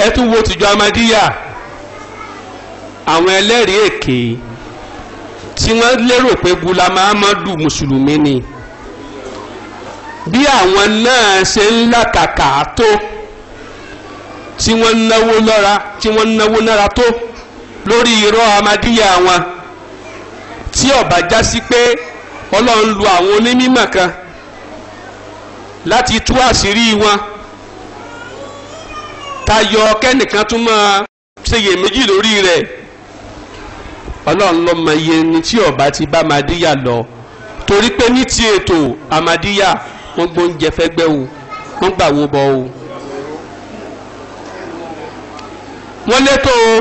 ẹ tún wo tìjọ amadíyà àwọn ẹlẹ́rìí èké tí wọ́n lérò pé Gulama Amadu mùsùlùmí ni bí àwọn náà ṣe ń làkàkà tó tí wọ́n náwó lọ́ra tí wọ́n náwó nára tó lórí irọ́ amadíyà wọn tí ọba já sí pé ọlọ́run lu àwọn onímọ̀ kan láti tú àṣírí wọn tayọ kẹ́nìkan tún máa ṣeyè méjì lórí rẹ̀ ọlọ́run ló mọ iye ni tí ọba ti bá Ahmadiyya lọ torí pé ní ti ètò Ahmadiyya wọ́n gbóúnjẹ fẹ́gbẹ́ o wọ́n gbà wo bọ́ o wọ́n létò o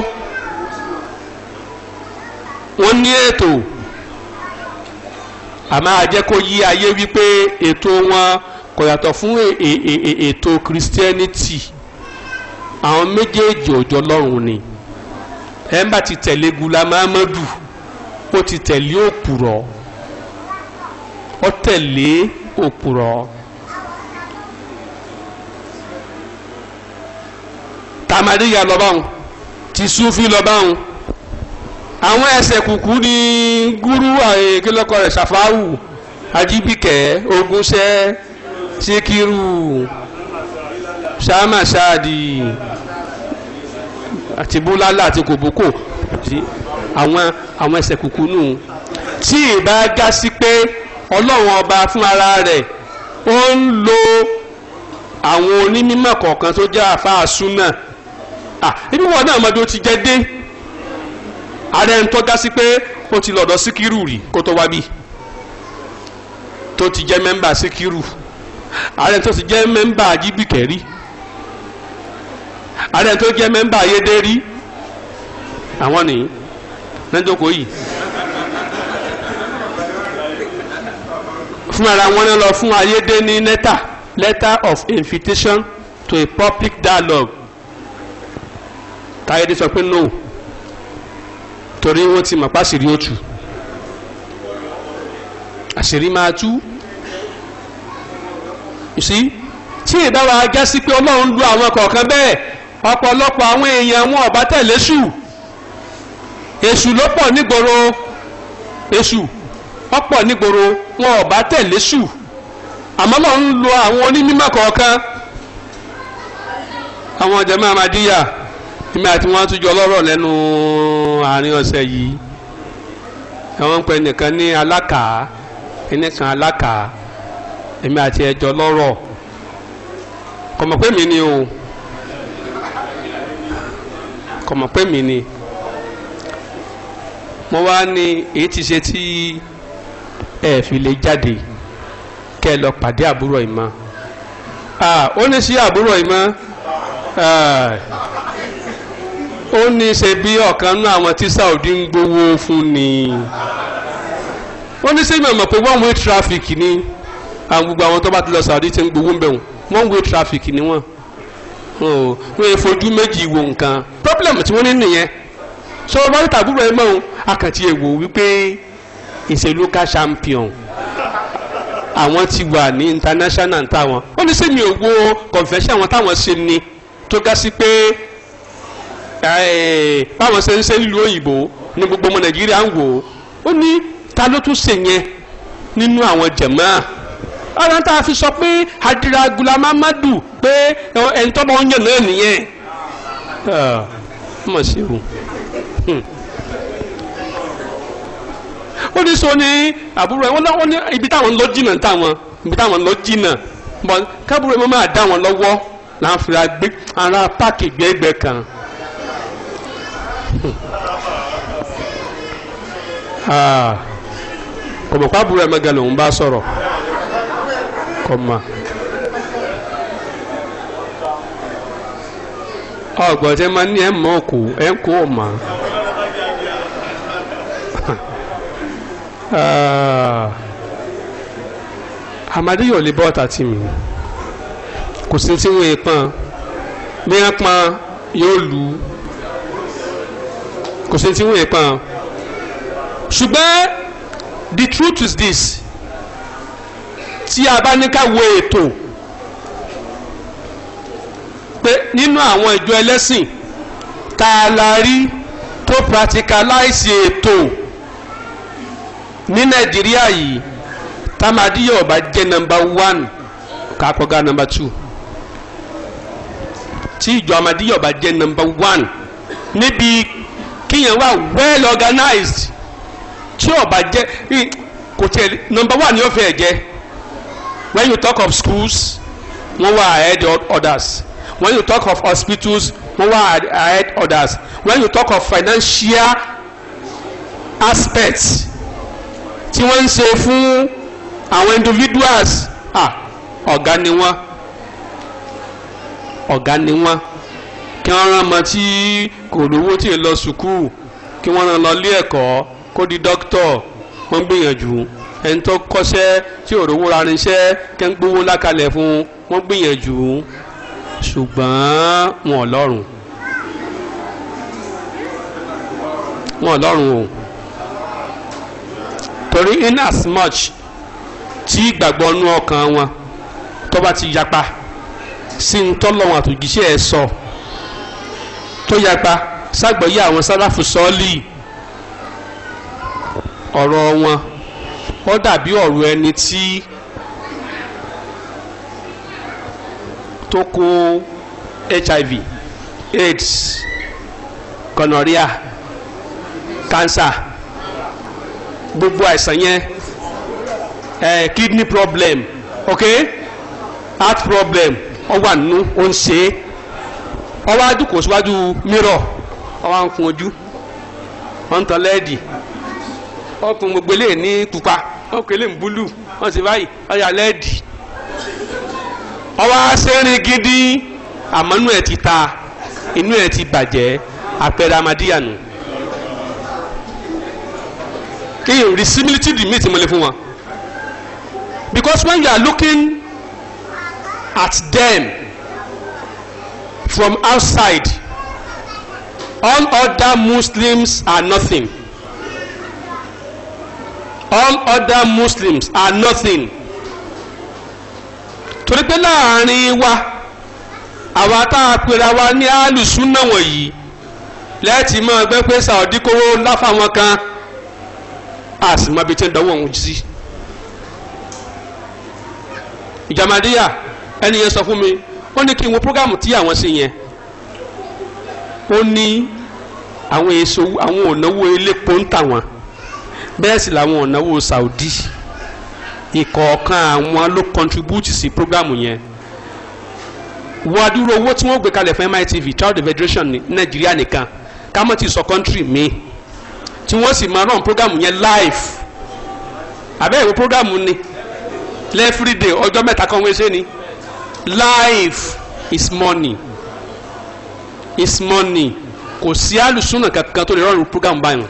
wọ́n ní ètò àmọ́ ajẹ́ kó yí ayé wípé ètò wọn kò yàtọ̀ fún ètò Christianity. e, e, e, e, àwọn méjèèjì ọjọ́ lọ́rùn ni ẹ̀ ń bá ti tẹ̀lé gula mahamadu ó ti tẹ̀lé òpùrọ̀ ó tẹ̀lé òpùrọ̀ tamadiya lọ báwọn ti sufi lọ báwọn àwọn ẹsẹ̀ kùkú ni gúrú àyèkélọ́kọ rẹ̀ ṣàfáwù ajibike ogunṣẹ́ síkírù ṣáàmà ṣáàdì àti búlálà àti kòbókò àwọn àwọn ẹsẹ̀ kúkú nù tí ìbá já sí pé ọlọ́run ọba fún ara rẹ̀ ó ń lo àwọn onímọ̀ kọ̀ọ̀kan tó jẹ́ àfáà súnà à ibi wọn náà mọ̀dé ó ti jẹ dé ààrẹ ń tọ́já sí pé ó ti lọ́dọ̀ síkírù rí kó tó wá bí tó ti jẹ́ mẹ́mbà síkírù ààrẹ tó ti jẹ́ mẹ́mbà jíbìkẹ́ ààrẹ tó jẹ́ mẹ́mbà ayédèrí àwọn nìyí lẹ́jọ́kọ yìí fúnra wọn lọ fún ayédè ní lẹ́tà letter of invitation to a public dialogue táyédè sọ pé no torí wọn ti mọ̀ pàṣírí ó tú àṣírí máa tú sí tí ìdáwà gẹ́sí pé ọlọ́run lu àwọn kọ̀ọ̀kan bẹ́ẹ̀ ọ̀pọ̀lọpọ̀ àwọn èèyàn wọn ọ̀bá tẹ̀lé èṣù èṣù ló pọ̀ nígboro èṣù ọ̀pọ̀ nígboro wọn ọ̀bá tẹ̀lé ṣù àmọ́ lọ́ ń lo àwọn onímọ̀ kọ̀ọ̀kan àwọn jàmá Ahmadiyya èmi àti wọn tún jọ lọ́rọ̀ lẹ́nu àárín ọ̀sẹ̀ yìí àwọn ń nìkan ní ẹnìkan o. kò mọ̀ pé mi ni mo wá ní èyí ti ṣe tí ẹ fi lè jáde kẹ́ ẹ lọ pàdé àbúrò ìmọ̀ ó ní sí àbúrò ìmọ̀ ó ní ṣe bí ọ̀kan náà àwọn tí Saudi ń gbowó fún ni ó ní sí ìmọ̀ pé one way traffic ni àwọn gbogbo àwọn tó bá ti lọ Saudi ti ń gbowó ń bẹ̀ one way traffic ni wọ́n wọn ò e fojú méjì wo nǹkan problem tí wọ́n ní nìyẹn so wọ́n ti tàbúrò ẹ̀ mọ́ àkàntì èwò wípé is a local champion àwọn ti wà ní international táwọn ó ní sẹ́mi ò wo convention àwọn táwọn ṣe ni tó ga sí pé báwọn ṣe ń ṣe nílùú òyìnbó ní gbogbo ọmọ nàìjíríà ń wò ó ní ta ló tún ṣe yẹn nínú àwọn jẹ̀mọ́ ọ̀nà tá a fi sọ pé gulama gulam amadu pé ẹni tọ́ bá ń yàn náà nìyẹn ah, mọ̀ sí o hmm. ó ní sọ ní àbúrò ẹ wọ́n ní ibi táwọn lọ jìnnà táwọn ibi táwọn lọ jìnnà bọ́n kábúrò ẹ máa dá wọn lọ́wọ́ là ń fira gbé ara páàkì gbẹ́gbẹ́ kan. Hmm. Ah, kọ̀mọ̀pá àbúrò ẹ mẹ́gàlè òun bá sọ̀rọ̀ kọ́ ma. ọgbọ̀n tí ma ní ẹ̀ mọ́ òkú ẹ̀ ń kó ọ̀ma. amadi yóò lè bọ́ ọ̀tà tì mí kò sí tí wọ́n pọ́n bí wọ́n pọ́n yóò lù kò sí tí wọ́n pọ́n ṣùgbọ́n the truth is this tí a bá ní ká wo ètò pé nínú àwọn ìjọ ẹlẹ́sìn tá a la rí tó practicalize ètò ní nàìjíríà yìí tamadiya ọba jẹ́ nọ́mbà one kakọga nọ́mbà two tí ìjọ amadiya ọba jẹ́ nọ́mbà one níbi kíyàn wà well organized tí ọba jẹ́ kò tẹ nọ́mbà one ni ó fẹ́ when you talk of schools wọ́n wà ahead others when you talk of hospitals wọ́n wà ahead others when you talk of financial aspects tí wọ́n ń ṣe fún àwọn individuals ah ọ̀gá ni wọ́n ọ̀gá ni wọ́n kí wọ́n rán ọmọ tí kò lówó tí ì lọ sùkúù kí wọ́n rán lọ ilé ẹ̀kọ́ kó di dókítọ̀ wọ́n gbìyànjú ẹni tó kọ́ṣẹ́ tí ò rówó ra irinṣẹ́ kẹ́ ń gbowó lákalẹ̀ fún wọ́n gbìyànjú ṣùgbọ́n wọn ọlọ́run wọn ọlọ́run o torí in as much tí ìgbàgbọ́ nú ọkàn wọn tó bá ti yapa sí ń tọ́lọ́wọ́n àtòjíṣẹ́ ẹ̀ sọ tó yapa ságbọ́yé àwọn sáláfù sọ́ọ́lì ọ̀rọ̀ wọn ó dàbí ọ̀rọ̀ ẹni tí tó kó hiv aids gonorrhea cancer gbogbo àìsàn yẹn eh, kidney problem ok heart problem ó wà nínú ó ń ṣe é ó wá jókòó síwájú mirror ó wá ń kun ojú ó ń tan lẹ́ẹ̀dì ó kun gbogbo eléyìí ní pupa wọ́n kò lè ń búlù wọ́n sì báyìí wọ́n yà lẹ́ẹ̀dì ọwọ́ gidi àmọ́ inú ti ta inú ẹ̀ ti bàjẹ́ àpẹẹrẹ amadíyànù kí n rí similitude mi ti mo fún wọn because when you are looking at them from outside all other Muslims are nothing all other muslims are nothing torí pé láàrin wa àwa tá a pera wa ní alùsùnà wọ̀nyí lẹ́ẹ̀tì máa gbẹ́ pé saudi kówó ńlá fáwọn kan a sì máa bi tí ń dánwò òun sí. ìjàmàdíyà ẹni yẹn sọ fún mi ó ní kí n wo programu tí àwọn sí yẹn ó ní àwọn èso àwọn ònáwó elépo ń tà wọ́n bẹ́ẹ̀ sì làwọn ọ̀nàwó Saudi ìkọ̀ọ̀kan àwọn ló contribute sí programu yẹn wọ́n adúrò owó tí wọ́n gbé kalẹ̀ fún MITV Child of Federation Nàìjíríà nìkan ká sọ country mi tí wọ́n sì máa rán programu yẹn live àbẹ́ programu ni lẹ́fírídé ọjọ́ mẹ́ta kan wọ́n ṣe ni life is money is money kò sí àlùsùnà kankan tó lè rọrùn program báyìí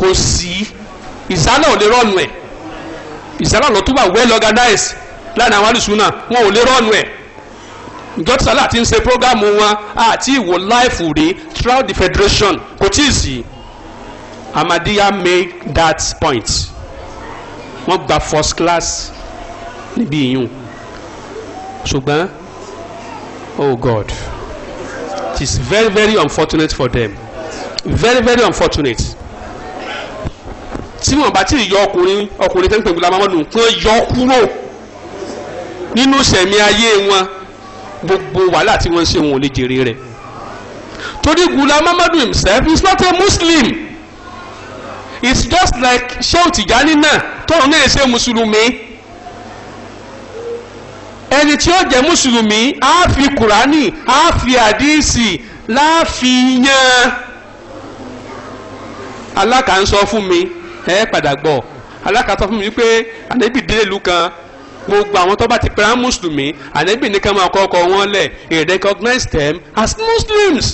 kò sí ìsálà ò lè rọ́ọ̀nù ẹ̀ ìsálà ló túbà well organized láàrin àwọn àlùsùn náà wọn ò lè rọ́ọ̀nù ẹ̀ ìjọ tí sálà ti ń ṣe prógámù wọn àti ìwò láìfù rè throughout the federation kò tí ì sí Ahmadiyya made that point wọ́n gba first class níbi ìyún ṣùgbọ́n oh God it is very very unfortunate for them very very unfortunate tí wọn bá tí ì yọ ọkùnrin ọkùnrin tó ń pè Ghulam Ahmad kí wọn yọ kúrò nínú sẹ̀mí ayé wọn gbogbo wàhálà tí wọ́n ń ṣe wọn ò lè jèrè rẹ̀ torí Ghulam Ahmad himself is not a Muslim it's just like Shehu Tijani náà tóun náà ṣe mùsùlùmí ẹni tí ó jẹ́ mùsùlùmí á fi kùránì á fi àdíìsì láàfin yan alákà ń sọ fún mi ẹ padà gbọ́ alákatọ́ fún mi pé ànábì délé ìlú kan gbogbo àwọn tó bá ti pẹ̀lú mùsùlùmí ànábì ní ká máa kọ́ ọkọ wọn lẹ̀ he recognized them as muslims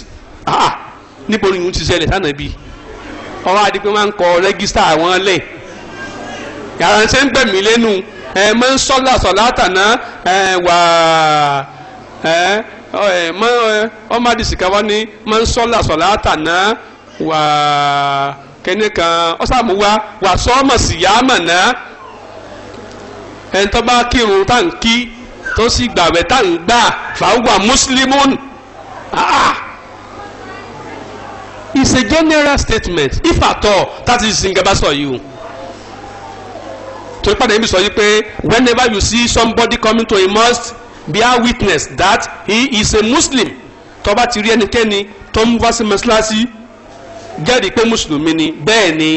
ah níbo ni ìhun ti ṣẹlẹ̀ sànàbì ọwọ́ adigun pé máa ń kọ rẹ́gísítà wọn lẹ̀ yàrá ṣe ń gbẹ̀mí lẹ́nu ẹ mọ ń sọ́là sọ̀lá tàná ẹ wà ẹ ọmọdé sìkà wá ní mọ ń sọ́là sọ̀lá tàná wà kíní kan ọ̀sàmù wa wà sọ́ọ̀mọ̀ sí yàámọ̀ náà ẹni tó bá kírun tá à kí tó sì gbàwẹ̀ tá à gbà fàáwà mùsùlùmùn ah it's a general statement if at all that is singaba sọ yìí o torí pàdé yìí sọ yìí pé whenever you see somebody coming to a mosque be a witness that he is a muslim tó bá ti rí ẹnikẹ́ni tó ń wá sí mọ́ṣáláṣí jẹ́rìí pé mùsùlùmí ni bẹ́ẹ̀ ni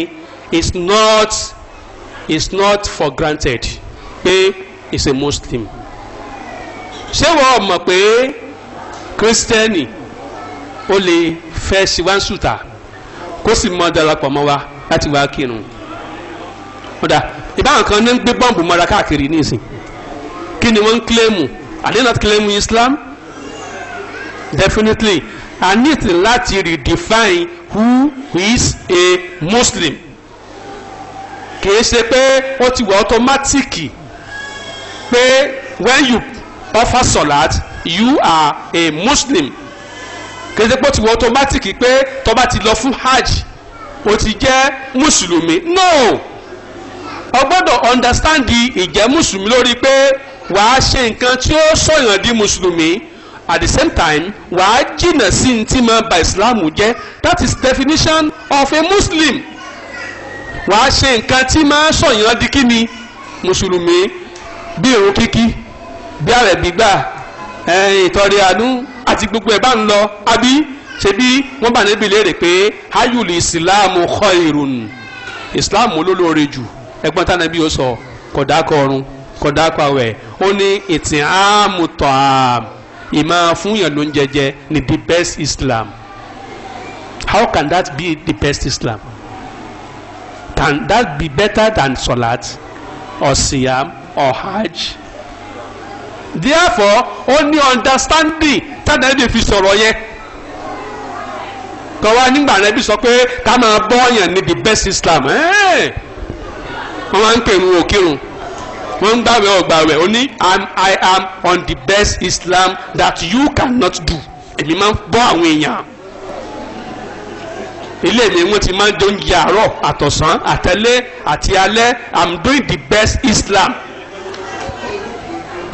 it's not it's not for granted pé it's a muslim ṣé wọ́n mọ̀ pé kírísítẹ́nì ó lè fẹ́ ṣíwáṣùtà kó sì mọ́ darapọ̀ mọ́ wa láti wá kírun kódà ìbáwọn kan ní ń gbé bọ́ǹbù mọ́ra káàkiri nísìn kí ni wọ́n ń kílẹ̀mù are they not claiming Islam definitely I need láti redefine who is a muslim kìí ṣe pé ó ti wà ọtọmátìkì pé when you offer salat you are a muslim kìí ṣe pé ó ti wà ọtọmátìkì pé tó bá ti lọ fún hajj ó ti jẹ́ mùsùlùmí no o gbọ́dọ̀ understand ìjẹ́ mùsùlùmí lórí pé wàá ṣe nǹkan tí ó sọ̀yàn di mùsùlùmí. So at the same time wàá jìnnà sí ní tí máa ba islam jẹ́ that is definition of a muslim wàá ṣe nǹkan tí máa sọ̀yàn di kíni mùsùlùmí bí irun kíkí bí ààrẹ gbígbà ìtọ́rẹ àánú àti gbogbo ẹ̀ bá ń lọ àbí ṣebí wọ́n bá níbi léèrè pé hayuli islam khairun islam olólóore jù ẹgbọ́n tánà bí ó sọ kọ̀dákọ̀ ọ̀run kọ̀dákọ̀ àwẹ̀ ó ní ìtìhámù tọ̀hám ìmọ̀ fúnyàn ló ń jẹjẹ ni the best Islam how can that be the best Islam can that be better than Salat or Siyam or Hajj therefore ó ní understanding tàdánù fi sọ̀rọ̀ yẹn kọ́wá nígbà rẹ̀ bí sọ pé ká máa bọ́ ọ̀yàn ni the best Islam wọ́n máa ń pè ń wo wọ́n ń gbàwẹ̀ ọ̀gbàwẹ̀ ó ní i am on the best Islam that you cannot do èmi máa ń bọ́ àwọn èèyàn ilé mi wọ́n ti máa ń jọ ń yà àárọ̀ àtọ̀sán àtẹ̀lé àti alẹ́ i'm doing the best Islam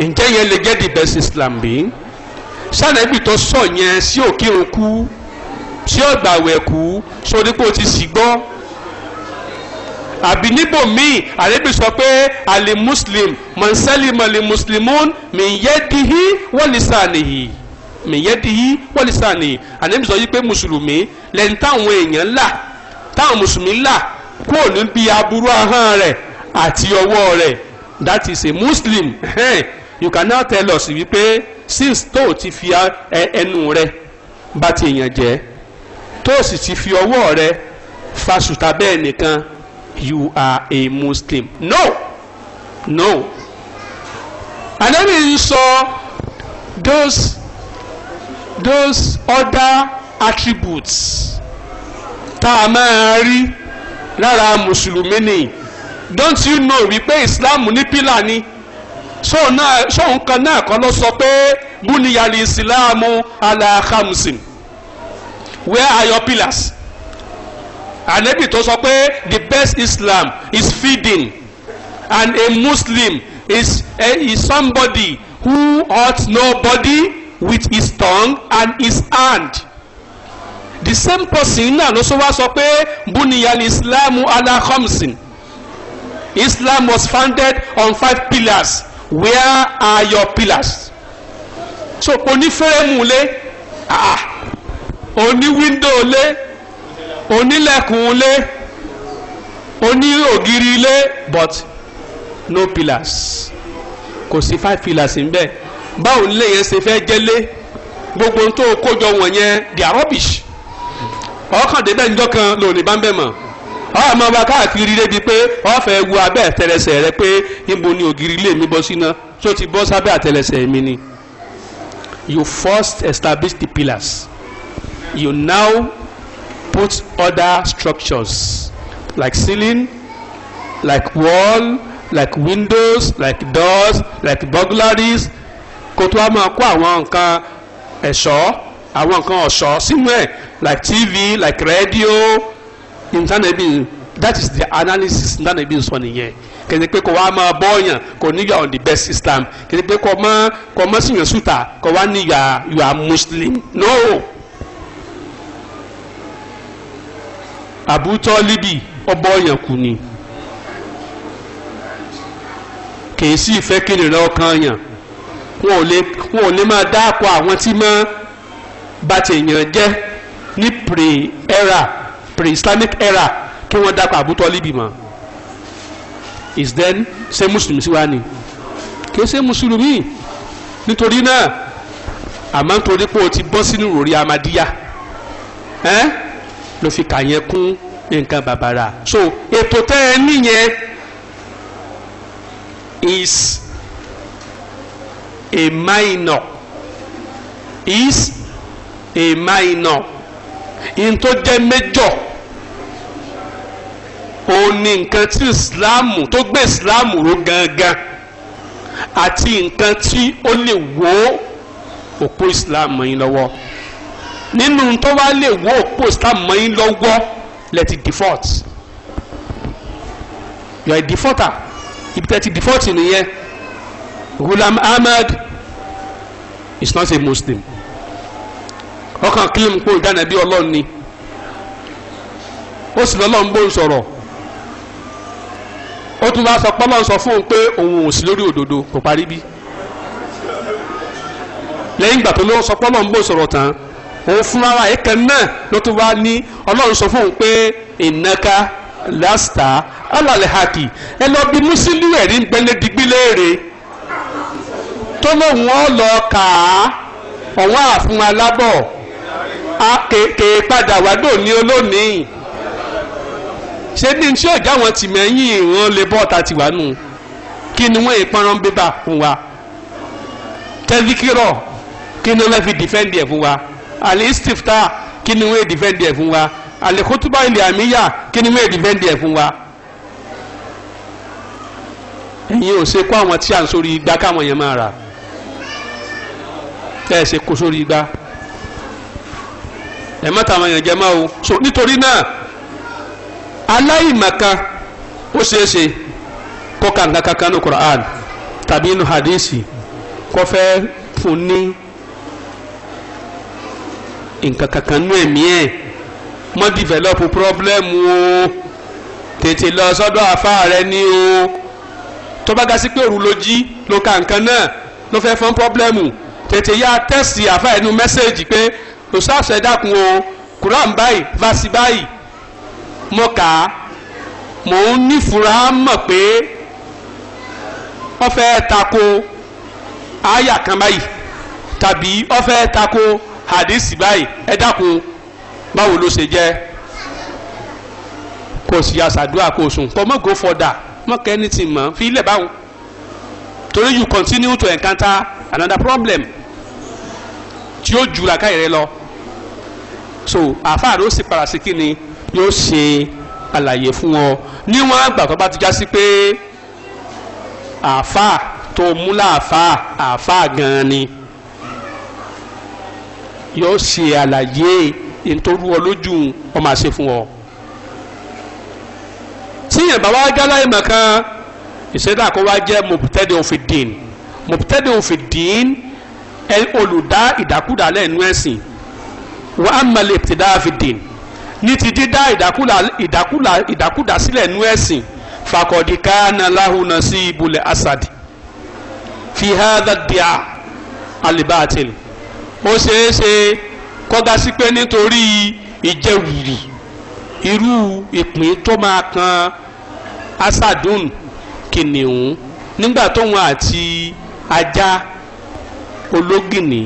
ǹjẹ́ yẹn lè jẹ́ the best Islam bí sànẹ́bì tó sọ yẹn sí òkè òkú sí ọ̀gbàwẹ̀ kú sórí pé o ti sì gbọ́ àbí níbò míì ànábì sọ pé àlè muslim mọ̀nsẹ́lìmọ̀lì muslimun mìíyẹ́dìhí wọ́lísànìhì mìíyẹ́dìhí wọ́lísànìhì ànábì sọ yìí pé mùsùlùmí lẹ́ni táwọn èèyàn là táwọn mùsùlùmí là kúrò níbi aburú ahọ́n rẹ̀ àti ọwọ́ rẹ̀ that is a muslim you cannot tell us wípé since tó o ti fi ẹnu rẹ̀ bá ti èèyàn jẹ́ tó o sì ti fi ọwọ́ rẹ̀ fa bẹ́ẹ̀ nìkan you are a muslim no no anabi ń sọ those those other attributes tá a máa rí lára mùsùlùmí ni don't you know wípé islam ní pílà ni sóun kan náà kan ló sọ pé búniyàlì islam ala khamsin where are your pillars ànábì tó sọ pé the best Islam is feeding and a Muslim is, a, eh, is somebody who hurts nobody with his tongue and his hand the same person náà ló sọ wá sọ pé buniyal islamu ala khamsin Islam was founded on five pillars where are your pillars so onífẹ́rẹ́mù lé ah, oníwíńdò lé onílẹ̀kùn lé oní ògiri lé but no pillars kò sí five pillars níbẹ̀ báwo nílé yẹn ṣe fẹ́ jẹ́lé gbogbo tó kójọ wọ̀nyẹn they are rubbish ọkàn débẹ̀ níjọ́ kan lòní bá ń bẹ̀ mọ̀ ọ̀rọ̀ máa wá káàkiri débi pé ọ̀fẹ́ wu abẹ́ àtẹlẹsẹ̀ rẹ pé níbo ni ògiri ilé mi bọ́ síná tó ti bọ́ sábẹ́ àtẹlẹsẹ̀ mi ni. You first establish the pillars. You now put other structures like ceiling, like wall, like windows, like doors, like burglaries kó tó a máa kó àwọn nǹkan ẹ̀ṣọ́ àwọn nǹkan ọ̀ṣọ́ sínú ẹ̀ like tv like radio internet bin that is the analysis internet bin sọ nìyẹn kìí pé kò wá máa bọ́ọ̀yàn kò ní yà on the best system. kìí pé kò mọ́ kò mọ́ síyàn sùtà kò wá ní yà you are Muslim no. àbútọ́líbì ọbọ̀ ọ̀yàn kù ni kìí sì fẹ́ kí nìrẹ́ ọkàn yàn wọn ò lè máa dáàpọ̀ àwọn tí máa bà tèèyàn jẹ́ ní pre-era pre-islamic era kí wọ́n dáàpọ̀ àbútọ́líbì mọ́ is then ṣé mùsùlùmí sí wa ni kìí ṣe mùsùlùmí nítorí náà àmọ́ nítorí pé o ti bọ́ sínú òrí amadíyà Eh? ló fi kà yẹn kún nǹkan bàbàrà so ètò tẹ́ ẹ nìyẹn is a minor is a minor in tó jẹ́ major òun ni nǹkan tí ìsìláàmù tó gbé ìsìláàmù ró gangan àti nǹkan tí ó lè wó òpó ìsìláàmù yín lọ́wọ́ nínú tó wá lè wó òpó mọ́yìn lọ́wọ́ lẹ́tì default you are a defaulter ibi tẹ́tì default nìyẹn Ghulam Ahmad is not a Muslim ọkàn kílìm kó ìdáná bí ọlọ́run ni ó sì lọ́lọ́run bó ń sọ̀rọ̀ ó tún bá sọ pọ́lọ́n sọ fún un pé òun ò sí lórí òdodo kò parí bí lẹ́yìn ìgbà tó ló sọ pọ́lọ́n bó sọ̀rọ̀ tán òun fúnra wa ẹ̀ka náà ló tún wá ní ọlọ́run sọ fún òun pé ìnáka lásìtà alàlẹ́hàkì ẹ lọ bí mùsùlù ẹ̀rí ń gbẹ́lẹ́ digbí léèrè tó lóun ọ lọ kà á ọ̀wọ́n àfún alábọ̀ a kèké padà wádò ní olónìí ṣé ní tí ọ̀gá wọn ti mẹ́yìn ìran lè bọ́ ọ̀tá nù kí ni wọ́n ìpọ́nrán bébà fún wa tẹ́síkírọ̀ kí ni wọ́n fi dìfẹ́ǹdì ẹ̀ fún wa alistifta kí ni wọ́n dìfẹ́ǹdì ẹ̀ fún wa alikutuba ilẹ̀ àmìyà kí ni wọ́n dìfẹ́ǹdì ẹ̀ fún wa. ẹ̀yin ò ṣe kó àwọn tí à ń sórí igbá káwọn yẹn máa rà ẹ̀ ṣe kó sórí igbá ẹ̀ mọ́ta àwọn èèyàn jẹ́ máa o so nítorí náà aláìmọ̀kan ó ṣeé ṣe kó ka kankan ní Qur'an tàbí inú hadisi kó fẹ́ fún ní nǹkan kankan nú ẹ̀mí ẹ̀ mọ́ dìvẹ́lọ́pù pírọ́blẹ́mù o tètè lọ sọ́dọ̀ àfáà rẹ ní o tó bá ga sí pé òru ló jí ló ka nǹkan náà ló fẹ́ fọ́n pírọ́blẹ́mù tètè yá tẹ́sì àfáà ẹnu mẹ́sẹ̀gì pé kò sáàsọ ẹ dákun o kuran báyìí vasi báyìí mo kà á mò ń nífura mọ̀ pé wọ́n fẹ́ tako àyà kan báyìí tàbí wọ́n fẹ́ tako hadisi báyìí ẹ dákun báwo ló ṣe jẹ́ kò sì àṣàdúrà kò sùn kò mọ̀ go further mọ̀ kẹ́ ní ti mọ̀ fi ilẹ̀ báwọn torí you continue to encounter another problem tí ó jura káyìí rẹ lọ so àáfàá ló sì padà sí kí ni yóò ṣe àlàyé fún ọ níwọ̀n àgbà tó bá ti já sí pé àáfàá tó mú láàfáà àáfàá gan-an ni yóò ṣe àlàyé nítorí olójú ọ máa ṣe fún ọ. tíyẹn bàbá gálá ìmọ̀ kan ìṣẹ̀dá kó wá jẹ́ mọ̀pútẹ́dẹ̀ òfin dín mọ̀pútẹ́dẹ̀ òfin dín olùdá ìdákúdà lẹ́nu ẹ̀sìn wà á mọ̀lẹ̀ ìpìtẹ́dá òfin dín ní ti dídá ìdákúdà sílẹ̀ nú ẹ̀sìn fakọ̀dí káàna láhùnà sí ibùlẹ̀ asad fi hádà díà alibatil ó ṣeéṣe kọ́gá sí pé nítorí ìjẹwìrì irú ìpín tó máa kan asadun kìnìún nígbà tóun àti ajá ológìnní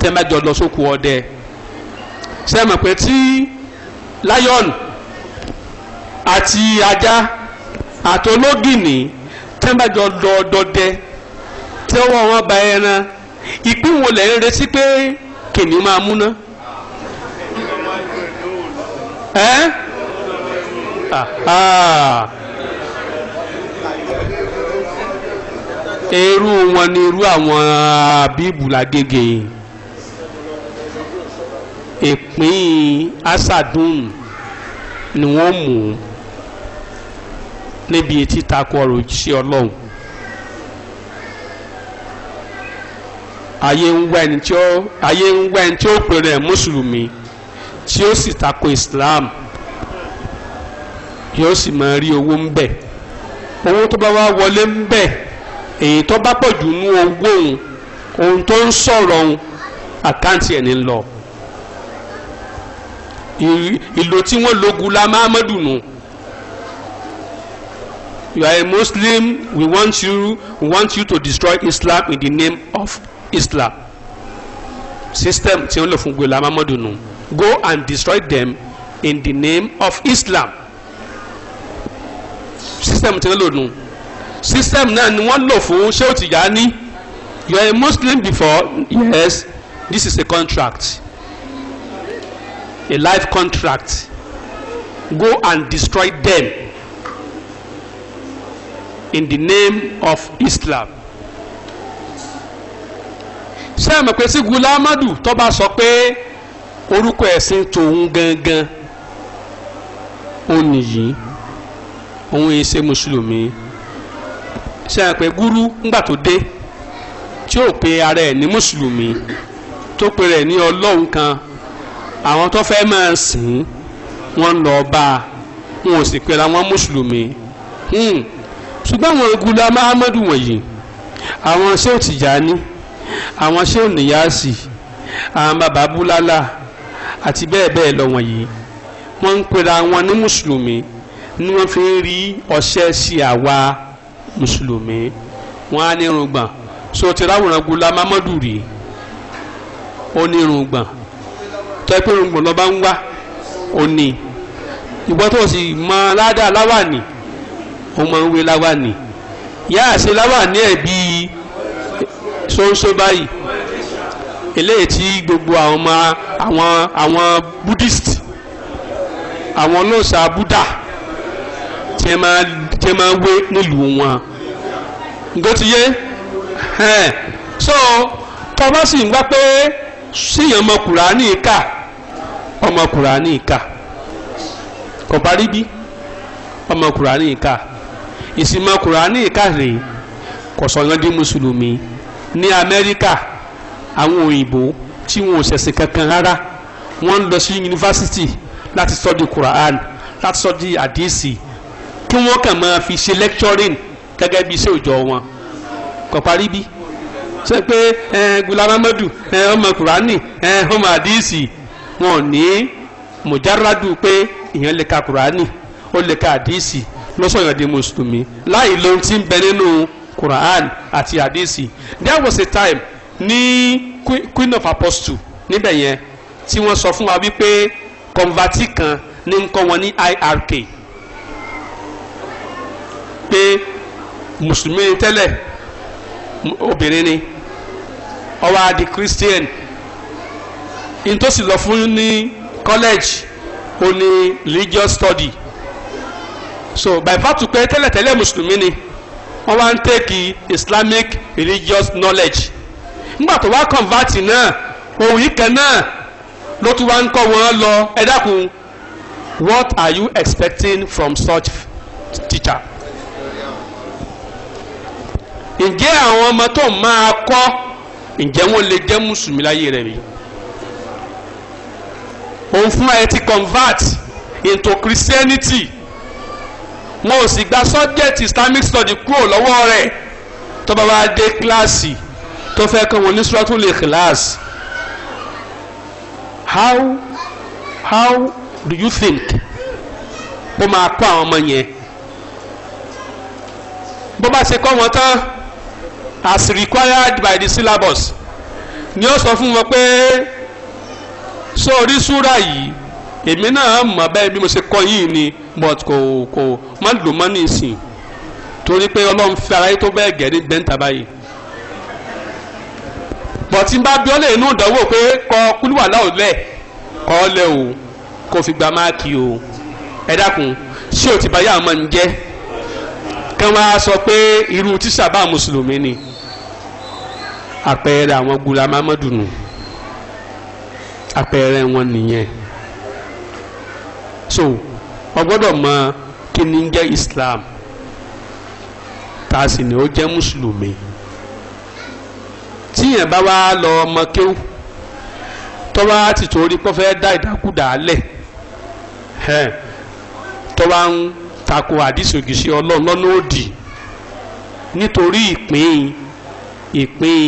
tẹ́ máa jọ lọ sóko ọdẹ ṣe pé tí lion àti ajá àti ológìnní tẹ́ máa jọ lọ dọdẹ tẹ́wọ́ wọn ba ẹran ìpín wo lẹ̀ ń retí pé kìnìún máa múná. ẹ́ irú wọn ni irú àwọn àbíbù lágége ìpín asadun ni wọ́n mú níbi etí takò ọ̀rọ̀ òjíṣẹ́ ọlọ́run ayé ń wá ẹni tí ó ayé ń wá ẹni tí ó pè rẹ̀ mùsùlùmí tí ó sì tako Islam yóò sì máa rí owó ń bẹ̀ owó tó bá wá wọlé ń bẹ̀ èyí tó bá pọ̀ jù nú owó òun ohun tó ń sọ̀rọ̀ òun àkáǹtì ẹ̀ ní lọ ìlò tí wọ́n logun la máa mọ́dùn nù. You are a Muslim. We want you, we want you to destroy Islam in the name of Islam system tí wọ́n lò fún Gbola Amamadu nù go and destroy them in the name of Islam system tí wọ́n lò nù system náà ni wọ́n lò fún Shehu Tijani you are a Muslim before yes this is a contract a life contract go and destroy them in the name of Islam sẹ́mi pé sí gulamadu tó bá sọ pé orúkọ ẹ̀sìn tòun gangan ó nìyí òun yìí ṣe mùsùlùmí sẹ́mi pé gúrú ńgbà tó dé tí ó pe ara ẹ̀ ní mùsùlùmí tó pe rẹ̀ ní ọlọ́run kan àwọn tó fẹ́ máa sìn wọ́n ń lọ bá a wọn ò sì pera wọn mùsùlùmí hmm. ṣùgbọ́n àwọn ogun la wọ̀nyí àwọn ṣé ò Tìjàní àwọn ṣéun níyàásì àwọn bàbá búlálà àti bẹ́ẹ̀ bẹ́ẹ̀ lọ wọ̀nyí wọ́n ń pera wọn ní mùsùlùmí ni wọ́n fi ń rí ọṣẹ́ sí àwa mùsùlùmí wọ́n á ní irùngbọ̀n so ti ráwòrán gula mamadu rí ó ní irùngbọ̀n tọ́ pé irùngbọ̀n lọ́ba ń wá ó ní ìgbọ́ tó sì mọ ládàá láwàní ó máa ń wé láwàní yáà láwàní ẹ̀ bíi ṣóńṣó báyìí eléyìí tí gbogbo àwọn ọmọ àwọn àwọn buddhist àwọn olóòṣà buddha tí ẹ máa tí ẹ máa wé nílùú wọn ǹgó ti so tọ́ba sì ń gbá pé síyàn ọmọ kùránì kà ọmọ kùránì kà kò bá rí bí ọmọ kùránì kà ìsìnmọ kùránì kà rèé kò sọ yẹn di mùsùlùmí ní amẹ́ríkà àwọn òyìnbó tí wọn ò ṣẹ̀sìn kankan rárá wọ́n ń lọ sí yunifásitì láti sọ́dí quran láti sọ́dí àdìsí kí wọ́n kàn máa fi ṣe lecturing gẹ́gẹ́ bí iṣẹ́ òòjọ́ wọn kò parí bí ṣe pé Ghulam Ahmadu ọmọ kurani ọmọ àdìsí wọn ò ní mùjárádù pé èèyàn lè ka kurani ó lè ka àdìsí lọ́sọ̀yàn di mùsùlùmí láì lóhun tí ń bẹ nínú. No Quran àti hadisi there was a time ní Queen of Apostles níbẹ̀ yẹn tí wọ́n sọ fún wa wípé kọ̀ǹvàtì kan ní ń kọ́ wọn ní IRK pé mùsùlùmí tẹ́lẹ̀ obìnrin ni ó wá di Christian in tó sì lọ fún ní college ó ní religious study so by fatu pé tẹ́lẹ̀tẹ́lẹ̀ mùsùlùmí ni wọ́n wá ń tẹ́kì islamic religious knowledge nígbà tó wá convert náà òun yìí kan náà ló tún wá ń kọ́ wọn lọ ẹ dákun what are you expecting from such teacher? ǹjẹ́ àwọn ọmọ tó máa kọ́ ǹjẹ́ wọ́n lè jẹ́ mùsùlùmí láyé rẹ̀ rí òun fún ẹ ti convert into Christianity wọn ò sì gba subject islamic study kúrò lọ́wọ́ rẹ̀ tó bá wá dé kíláàsì tó fẹ́ kọ́ wọn ní suratul ikhlas how how do you think ó máa kọ́ àwọn ọmọ yẹn bó bá ṣe kọ́ wọn tán as required by the syllabus ni ó sọ fún wọn pé sórí súra yìí èmi náà mọ̀ bẹ́ẹ̀ bí mo ṣe kọ́ yìí ni but kò kò má lò mọ́ ní ìsìn torí pé ọlọ́run fẹ́ aráyé tó bẹ́ẹ̀ gẹ̀ẹ́ ní gbẹ́ǹta báyìí but n bá bí ọ lè inú ìdánwò pé kọ kúlúwà láò lẹ̀ kọ́ lẹ̀ o kò fi gba máàkì o ẹ dákun ṣé o ti bá yà á ń jẹ́ kí wọ́n á sọ pé irú tíṣà bá mùsùlùmí ni àpẹẹrẹ àwọn gulama mọ́dùnú àpẹẹrẹ wọn nìyẹn so ọgbọ́dọ̀ mọ kí ni Islam tá a sì ní ó jẹ́ mùsùlùmí tíyẹn bá wá lọ ọmọ kéwù tọ́wá ti torí pọ́ fẹ́ dá ìdákùdà lẹ̀ tọ́wá ń tako àdìsògìsì ọlọ́run lọ́nà òdì nítorí ìpín ìpín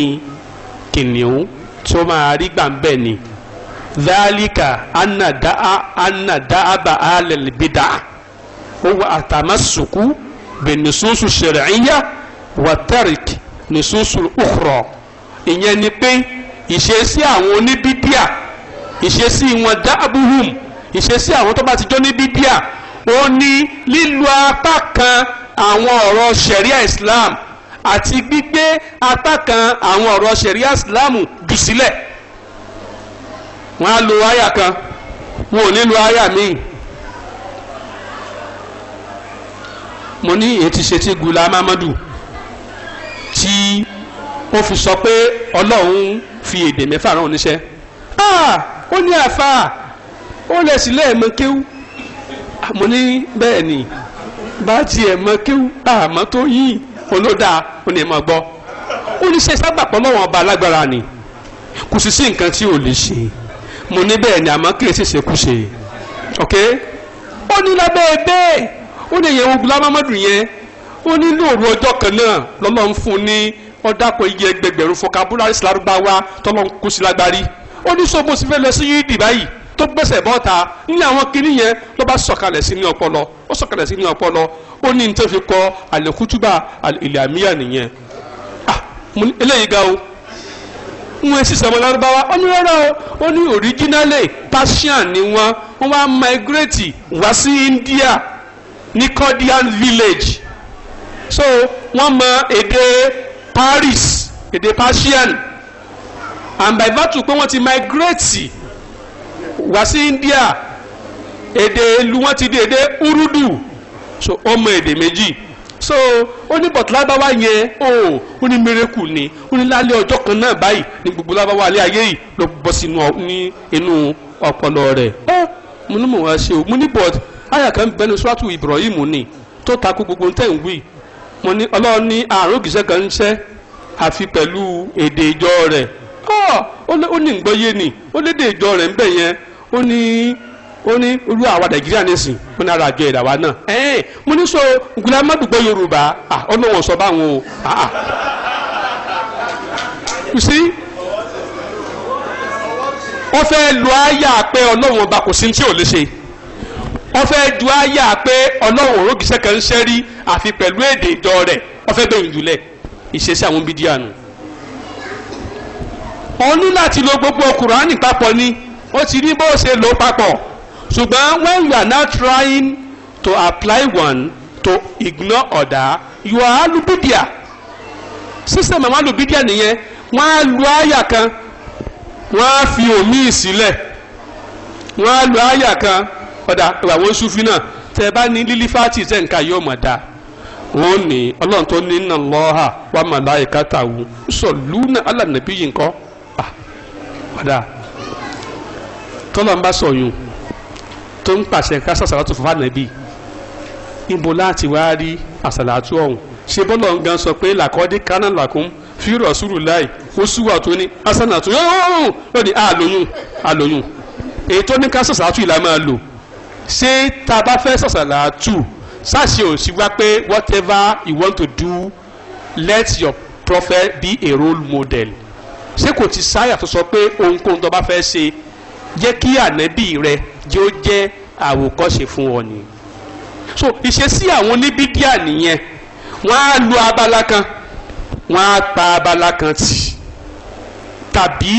kìnìún tó máa rí gbàǹbẹ̀ ni dhalika anna da'a anna da'aba alal bid'a huwa atamassuku binususu shar'iyya wa tarik nususu ukhra ìyẹn ni pé ìṣesí àwọn oníbídíà ìṣesí wọn da'abuhum ìṣesí àwọn tó bá ti jọ oníbídíà ó ní lílo apá kan àwọn ọ̀rọ̀ sharia islam àti gbígbé apá kan àwọn ọ̀rọ̀ sharia islam jù sílẹ̀ wọ́n á lo àyà kan wọn ò ní lo àyà míì mo ní ètí ṣe gula mamadu tí ó fi sọ pé ọlọ́run fi èdè mẹ́fà rán oníṣẹ́ ah! ó ní àfa ó lè sílẹ̀ mọ́ kéwú mo ní bẹ́ẹ̀ ni bá tiẹ̀ mọ́ kéwú àmọ́ tó yí olódà ó ní mọ́ gbọ́ ó sábà pọ̀ mọ́ ọba alágbára ni kò sì sí nǹkan tí ò lè ṣe mo ní bẹ́ẹ̀ ni àmọ́ kìí ṣèṣe kù ṣe ok ó ní lábẹ́ bẹ́ẹ̀ ó ní ìyẹn ogun lámàmọ́dù yẹn ó ní lóòrù ọjọ́ kan náà lọ́lọ́run fún un ní ọ̀dàpọ̀ iye ẹgbẹgbẹ̀rún fọkàbúlárì sàlárúbáwá tọ́lọ́run kú sí lágbárí ó ní sọ bó sì fẹ́ lọ sí yídì báyìí tó gbèsè bọ́ta ní àwọn kinní yẹn ló bá sọ̀kalẹ̀ sí ní ọpọlọ ó sọ̀kalẹ̀ sí ní ọpọlọ ó ní ní tó fi kọ àlékútúbà ilẹ̀ àmíyà nìyẹn ah eléyìí ga o wọn sì sọmọ lárúbáwá ó ní rárá o ó ní òríjínálè persian ni wọn wọn wá migrate wá sí India ní Kurdian village so wọn mọ èdè Paris èdè persian and by virtue pé wọn ti migrate wá sí India èdè ìlú wọn ti di èdè Urdu so ó mọ èdè méjì so ó ní bọ̀tí lábáwá yẹn o ó ní mérekù ni ó ní lálẹ́ ọjọ́ kan náà báyìí ní gbogbo lábáwá alẹ́ ayé yìí ló bọ́ sínú ní inú ọpọlọ rẹ̀ ẹ́ mo ní mò ń wá ṣe o mo ní bọ̀t àyà kan bẹnu swatu Ibrahim ni tó takú gbogbo ntẹ̀ ń wí mo ní ọlọ́run ní àrùn ògìṣẹ́ kan ń ṣẹ́ àfi pẹ̀lú èdè ìjọ rẹ̀ ó ní ìgbọ́yé ni ó lédè ìjọ rẹ̀ ń bẹ̀ yẹn ó ní ó ní irú àwa nàìjíríà nìsín ó ní ara àjọ ìdàwà náà ẹ̀ẹ́n mo ní so nkùlá má dùgbò yorùbá ó ní wọn sọ báwọn o you see wọ́n fẹ́ lu àyà pé ọlọ́run ọba kò sí tí ò lè ṣe wọ́n fẹ́ ju àyà pé ọlọ́run òrógìṣẹ́ kan ń ṣẹ́rí àfi pẹ̀lú èdè ìjọ rẹ̀ wọ́n fẹ́ bẹ̀rù jùlẹ̀ ìṣesí àwọn bídíà nù. ọ̀nù láti lo gbogbo kùránì papọ̀ ni ó ti ní bó ṣe lò papọ̀ ṣùgbọ́n when you are now trying to apply one to ignore other you are alubidia system àwọn alubidia nìyẹn wọ́n á lu àyà kan wọ́n á fi omi sílẹ̀ wọ́n á lu àyà kan ọ̀dà sufi náà tẹ bá ní lílífàtì tẹ̀ ń yóò mọ̀ dáa wọ́n ní ọlọ́run tó ní nà lọ́ha wà màláìkátà alànàbí yìí ọ̀dà tó ń pàṣẹ ká sàṣàlátù fún ànábì níbo láti wá rí àṣàlátù ọ̀hún ṣe bọ́lọ̀ ń gan sọ pé làkọ́dé kánà làkún fírọ̀ sùúrù láì ó súwà tó ní àṣàlátù yọ̀ọ̀rùn lónìí àlóyún àlóyún èyí tó ní ká sàṣàlátù ìlà máa lò ṣé tá bá fẹ́ sàṣàlátù ṣáṣe ò sí wá pé whatever you want to do let your prophet be a role model ṣé kò ti sáyà tó sọ pé ohunkóhun tó bá fẹ́ ṣe jẹ́ kí ànábì rẹ jẹ́ ó jẹ́ àwòkọ́ṣe fún ọ ni so ìṣesí àwọn oníbídíà nìyẹn wọ́n á lu abala kan wọ́n á pa abala kan tì tàbí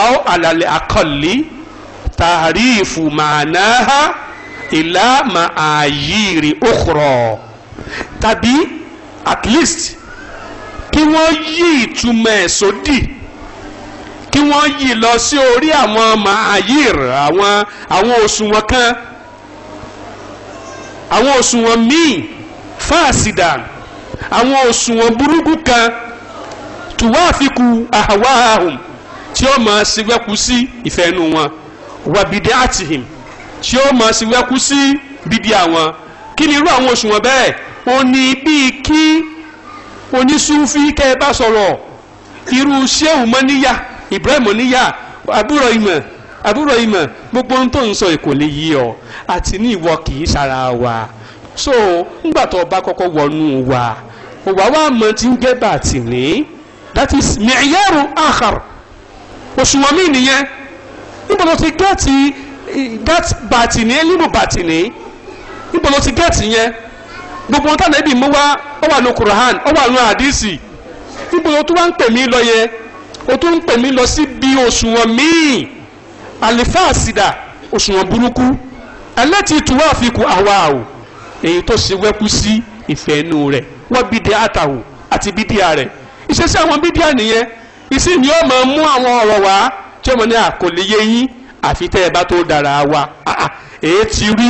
àwọn àlàlẹ̀ àkọlé tàríìfù màánáà ìlà màáyìrì òkúrọ̀ tàbí at least kí wọ́n yí ìtumọ̀ ẹ̀ sódì. So kí wọ́n yí lọ sí orí àwọn mahayir àwọn àwọn òṣùwọ̀n kan àwọn òṣùwọ̀n míì fásidà àwọn òṣùwọ̀n burúkú kan tùwáàfikù àwáhùn tí ó máa ṣíwẹ́kù sí ìfẹ́ inú wọn wàbìdí àtìhìn tí ó máa ṣíwẹ́kù sí bíbí àwọn kí ni irú àwọn òṣùwọ̀n bẹ́ẹ̀ ó ní bíi kí oníṣúfì kẹ́ ẹ bá sọ̀rọ̀ irú ṣéwù mọ́níyà Ibrahim oníyà àbúrò ìmọ̀ àbúrò ìmọ̀ gbogbo ohun tó ń sọ èkó lè yí ọ àti ní ìwọ kì sara wa so ńgbà tó bá kọ́kọ́ wọnú wa òwà wa mọ ti ń gẹ́ bá tì ní that is mìíyàrú àkàr òṣùwọ̀n mi nìyẹn níbo ló ti gẹ́ẹ̀tì that bàtìní elimu ti gẹ́ẹ̀tì yẹn gbogbo ohun táwọn ẹbí mú wa ó o tún ń pè mí lọ sí bí òṣùwọ̀n míì àlìfáàsìdà òṣùwọ̀n burúkú ẹlẹ́tì tùwá àfikún àwa o èyí tó ṣe wẹ́kú sí ìfẹ́ inú rẹ̀ wọ́n bídíà àtàwò àti bídíà rẹ̀ ìṣesí àwọn bídíà nìyẹn ìsì ni ó máa mú àwọn ọ̀rọ̀ wá tí ó mọ̀ ní àkòléyé yín àfi tẹ́ ẹ bá tó dára wa ah, ah, èyí ti rí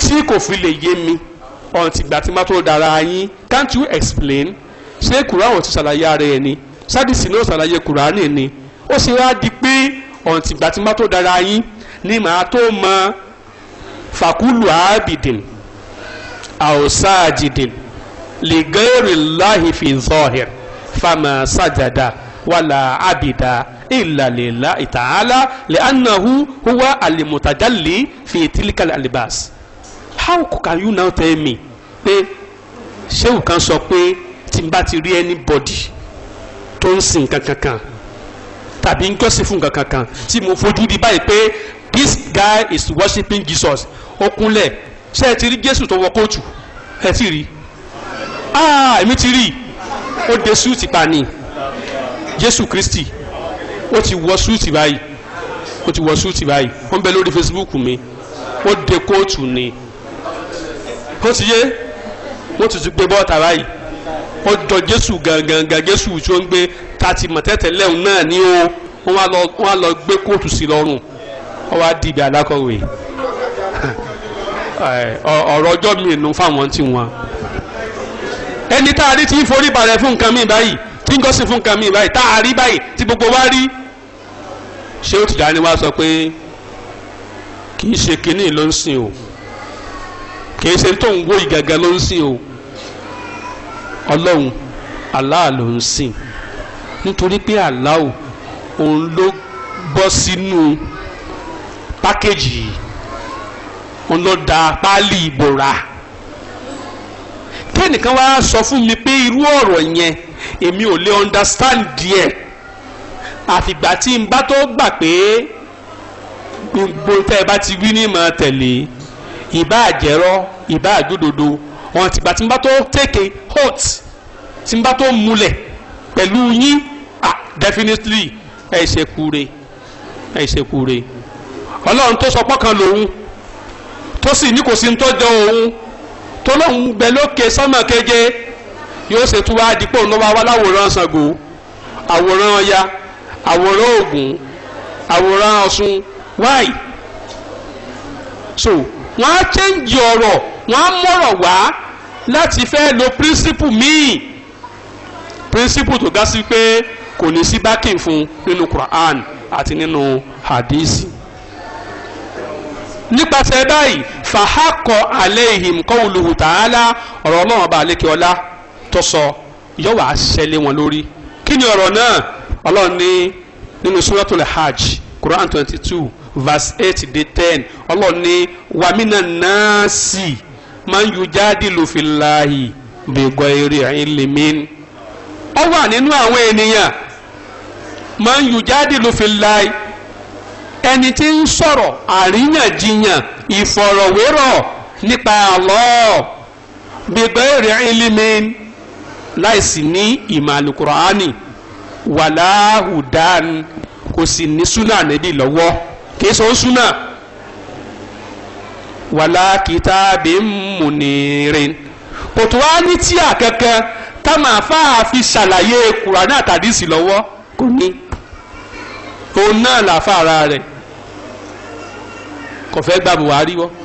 tí kò fi lè yé mi ọ̀n tìgbà tí má tó dára yín can't you explain ṣé kùrọ̀ àwọn ti ṣàlàyé ara ẹ ni sádìsì náà ṣàlàyé kùránì ni ó sì wá di pé ọ̀ǹtìgbà tí má tó dára yín ni màá tó mọ fàkúlù àábìdìn àwòsáàjìdìn lè gẹ́rì láhìfì zọ́ọ̀hìn fàmà sàjàdà wàlà àbìdà ìlàlélà ìtàhálà lè ànàhù huwa fi fìtìlíkàlì àlìbàs. how can you now tell me pé ṣéwù kan sọ pé tí ti rí anybody tó ń sìn kankankan tàbí ń jọ́sìn fún kankankan tí mo fojú di báyìí pé this guy is worshiping Jesus ó kúnlẹ̀ ṣé ẹ ti rí Jésù tó wọ kóòtù ẹ ti rí ah èmi ti rí ó de súùtì pa ni Jésù Kristi ó ti wọ súùtì báyìí ó ti wọ súùtì báyìí ó ń bẹ lórí Facebook mi ó de kóòtù ni ó ti yé wọ́n ti ti gbé bọ́ọ̀tà báyìí ọjọ́ jésù gangan jésù tí ó ń gbé tàti mọ̀tẹ́tẹ̀lẹ́ òun náà ni ó wọ́n á lọ gbé kóòtù sí lọ́rùn wọ́n wá dìbì alákọ̀wé ọ̀rọ̀ ọjọ́ mi nù fáwọn tí wọn. ẹni tá a rí ti ń forí balẹ̀ fún nǹkan mi báyìí tí ń gọ́sìn fún nǹkan mi báyìí tá a rí báyìí tí gbogbo wa rí ṣé ó ti dání wá sọ pé kì í ṣe kínní ló ń sìn o kì í ṣe tó ń wó ìgàgà ló ń sìn o ọlọ́run Allah ló ń sìn nítorí pé Allah òun ló bọ́ sínú pákéjì yìí òun ló da páálí ìbòra kẹ́nìkan wá sọ fún mi pé irú ọ̀rọ̀ yẹn èmi ò lè understand díẹ̀ àfìgbà tí n bá tó gbà pé gbogbo tẹ́ ẹ bá ti wí ní ìmọ̀ tẹ̀lé ìbá àjẹrọ ìbá àjòdodo ọ̀nà tìgbà tí n bá tó tètè hot tí n bá tó múlẹ̀ pẹ̀lú yín ah definitely ẹ̀ ṣe kúre ẹ̀ ṣe kúre ọlọ́run tó sọ pọ́kàn lòun tó sì ní kò sí tọ́jọ́ òun tó lóun gbẹ lókè sánmà keje yóò ṣe tún wáá dípò ní wàá wá láwòrán Ṣàngó àwòrán Ọya àwòrán Ògún àwòrán Ọ̀ṣun wáì so wọ́n á chẹ́ǹgì ọ̀rọ̀ wọ́n á mọ̀rọ̀ wá láti fẹ́ lo píríncípù míì píríncípù tó ga sí pé kò ní sí bákìn fún nínú Quran àti nínú hadisi nípasẹ̀ báyìí fàhákọ̀ aléhìm kọ́wùlùhù tààlà ọ̀rọ̀ ọlọ́run ọba àlékè ọlá tó sọ yóò wá ṣẹlẹ̀ wọn lórí kí ni ọ̀rọ̀ náà ọlọ́run ní nínú suratul hajj Quran twenty two verse eight dé ten ọlọ́run ní wàmínà náà sì. Si man yujadilu fillahi bighayri ilmin ó wà nínú àwọn ènìyàn man yujadilu fillahi ẹni tí ń sọ̀rọ̀ àríyànjiyàn ìfọ̀rọ̀wérọ̀ nípa Allah bighayri ilmin láìsí ní ìmọ̀ àlùkùránì wàláhùdán kò sì ní súnà níbi lọ́wọ́ kì sọ súnà wàlá kitabim munirin kò tó wá ní tíà kankan tá màá fà á fi ṣàlàyé kùránì àtàdísì lọ́wọ́ kò ní òun náà làáfà ara rẹ̀ kò fẹ́ gba Buhari wọ́n.